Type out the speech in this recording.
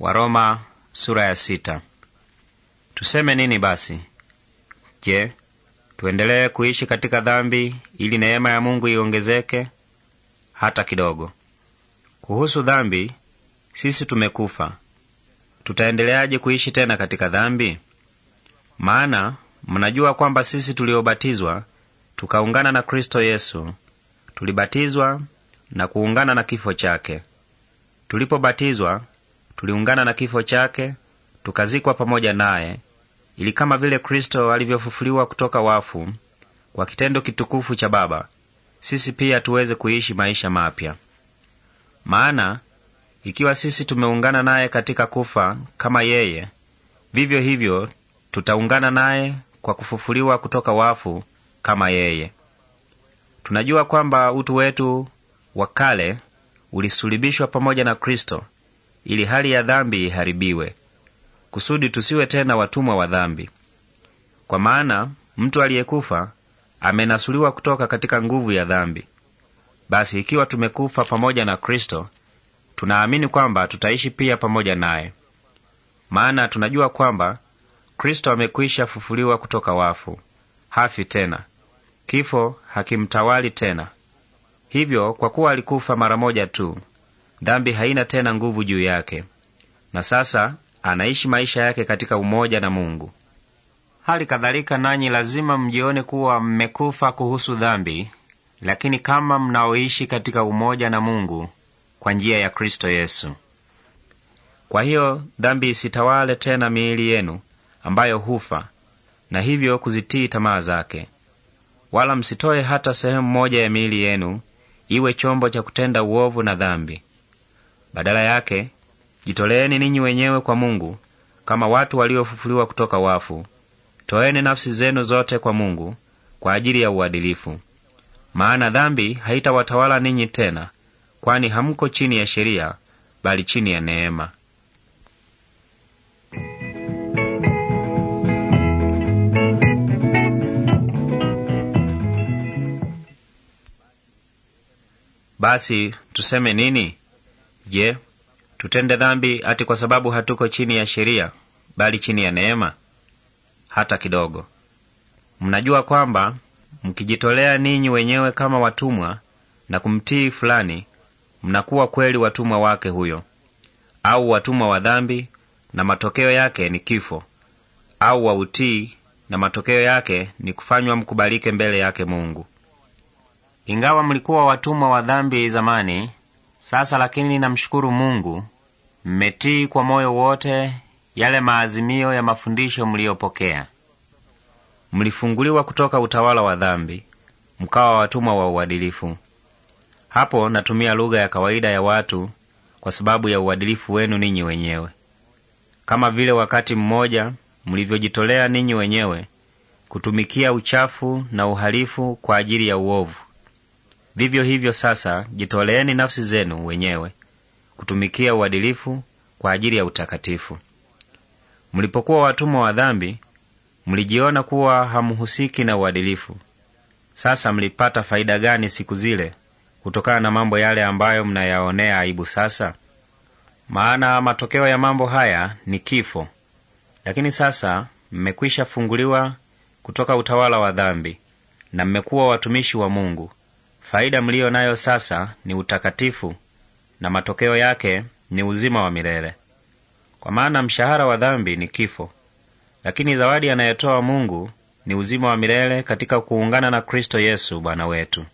Waroma sura ya sita. Tuseme nini basi? Je, tuendelee kuishi katika dhambi ili neema ya Mungu iongezeke? Hata kidogo. Kuhusu dhambi, sisi tumekufa. Tutaendeleaje kuishi tena katika dhambi? Maana mnajua kwamba sisi tuliobatizwa tukaungana na Kristo Yesu, tulibatizwa na kuungana na kifo chake. Tulipobatizwa tuliungana na kifo chake, tukazikwa pamoja naye, ili kama vile Kristo alivyofufuliwa kutoka wafu kwa kitendo kitukufu cha Baba, sisi pia tuweze kuishi maisha mapya. Maana ikiwa sisi tumeungana naye katika kufa kama yeye, vivyo hivyo tutaungana naye kwa kufufuliwa kutoka wafu kama yeye. Tunajua kwamba utu wetu wa kale ulisulubishwa pamoja na Kristo ili hali ya dhambi iharibiwe, kusudi tusiwe tena watumwa wa dhambi. Kwa maana mtu aliyekufa amenasuliwa kutoka katika nguvu ya dhambi. Basi ikiwa tumekufa pamoja na Kristo, tunaamini kwamba tutaishi pia pamoja naye. Maana tunajua kwamba Kristo amekwisha fufuliwa kutoka wafu, hafi tena, kifo hakimtawali tena. Hivyo kwa kuwa alikufa mara moja tu, dhambi haina tena nguvu juu yake, na sasa anaishi maisha yake katika umoja na Mungu. Hali kadhalika nanyi lazima mjione kuwa mmekufa kuhusu dhambi, lakini kama mnaoishi katika umoja na Mungu kwa njia ya Kristo Yesu. Kwa hiyo dhambi isitawale tena miili yenu ambayo hufa, na hivyo kuzitii tamaa zake. Wala msitoe hata sehemu moja ya miili yenu iwe chombo cha kutenda uovu na dhambi. Badala yake jitoleeni ninyi wenyewe kwa Mungu kama watu waliofufuliwa kutoka wafu. Toeni nafsi zenu zote kwa Mungu kwa ajili ya uadilifu, maana dhambi haitawatawala ninyi tena, kwani hamko chini ya sheria, bali chini ya neema. Basi tuseme nini? Je, tutende dhambi ati kwa sababu hatuko chini ya sheria bali chini ya neema? Hata kidogo! Mnajua kwamba mkijitolea ninyi wenyewe kama watumwa na kumtii fulani, mnakuwa kweli watumwa wake huyo, au watumwa wa dhambi, na matokeo yake ni kifo, au wa utii, na matokeo yake ni kufanywa mkubalike mbele yake Mungu. Ingawa mlikuwa watumwa wa dhambi zamani, sasa lakini ninamshukuru Mungu, mmetii kwa moyo wote yale maazimio ya mafundisho mliyopokea. Mlifunguliwa kutoka utawala wa dhambi, mkawa watumwa wa uadilifu. Hapo natumia lugha ya kawaida ya watu kwa sababu ya uadilifu wenu ninyi wenyewe, kama vile wakati mmoja mlivyojitolea ninyi wenyewe kutumikia uchafu na uhalifu kwa ajili ya uovu, Vivyo hivyo sasa, jitoleeni nafsi zenu wenyewe kutumikia uadilifu kwa ajili ya utakatifu. Mlipokuwa watumwa wa dhambi, mlijiona kuwa hamhusiki na uadilifu. Sasa mlipata faida gani siku zile kutokana na mambo yale ambayo mnayaonea aibu sasa? Maana matokeo ya mambo haya ni kifo. Lakini sasa mmekwisha funguliwa kutoka utawala wa dhambi na mmekuwa watumishi wa Mungu. Faida mliyo nayo sasa ni utakatifu, na matokeo yake ni uzima wa milele. Kwa maana mshahara wa dhambi ni kifo, lakini zawadi anayetoa Mungu ni uzima wa milele katika kuungana na Kristo Yesu Bwana wetu.